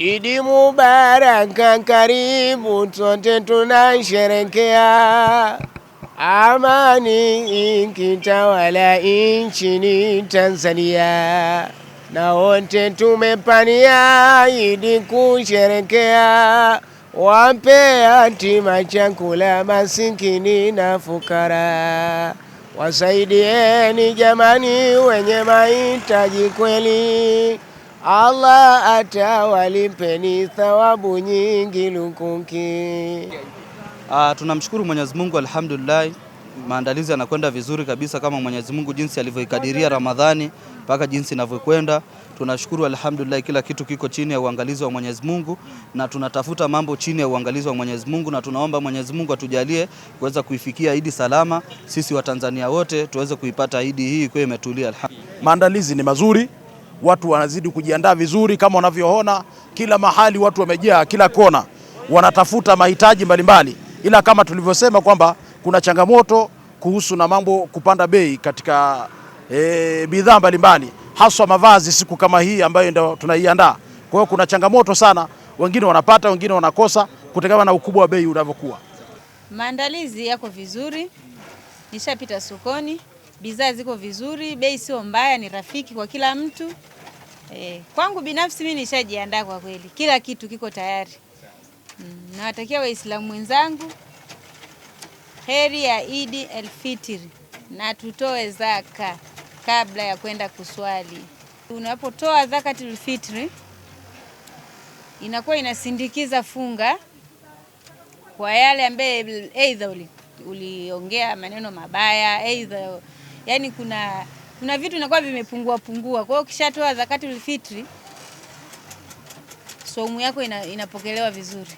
Idi mubaraka, karibu sote tunasherekea, amani ikitawala nchini Tanzania, na wote tumepania idi kusherekea, wape yatima chakula, masikini na fukara, wasaidieni jamani, wenye mahitaji kweli Allah atawalipeni thawabu nyingi lukuki. Ah, tunamshukuru Mwenyezi Mungu alhamdulillah, maandalizi yanakwenda vizuri kabisa kama Mwenyezi Mungu jinsi alivyoikadiria Ramadhani mpaka jinsi inavyokwenda. Tunashukuru alhamdulillah, kila kitu kiko chini ya uangalizi wa Mwenyezi Mungu na tunatafuta mambo chini ya uangalizi wa Mwenyezi Mungu, na tunaomba Mwenyezi Mungu atujalie kuweza kuifikia Idi salama, sisi Watanzania wote tuweze kuipata Idi hii kwa imetulia. Maandalizi ni mazuri watu wanazidi kujiandaa vizuri, kama wanavyoona kila mahali watu wamejaa, kila kona wanatafuta mahitaji mbalimbali, ila kama tulivyosema kwamba kuna changamoto kuhusu na mambo kupanda bei katika e, bidhaa mbalimbali haswa mavazi, siku kama hii ambayo ndio tunaiandaa. Kwa hiyo kuna changamoto sana, wengine wanapata, wengine wanakosa kutokana na ukubwa wa bei unavyokuwa. Maandalizi yako vizuri, nishapita sokoni bidhaa ziko vizuri, bei sio mbaya, ni rafiki kwa kila mtu. E, kwangu binafsi mimi nishajiandaa kwa kweli, kila kitu kiko tayari. Mm, nawatakia Waislamu wenzangu heri ya Idi Elfitiri na tutoe zaka kabla ya kwenda kuswali. Unapotoa zakati fitri inakuwa inasindikiza funga kwa yale ambaye aidha uliongea maneno mabaya, aidha yani kuna kuna vitu inakuwa vimepungua pungua. Kwa hiyo ukishatoa zakatul fitri, saumu yako ina, inapokelewa vizuri.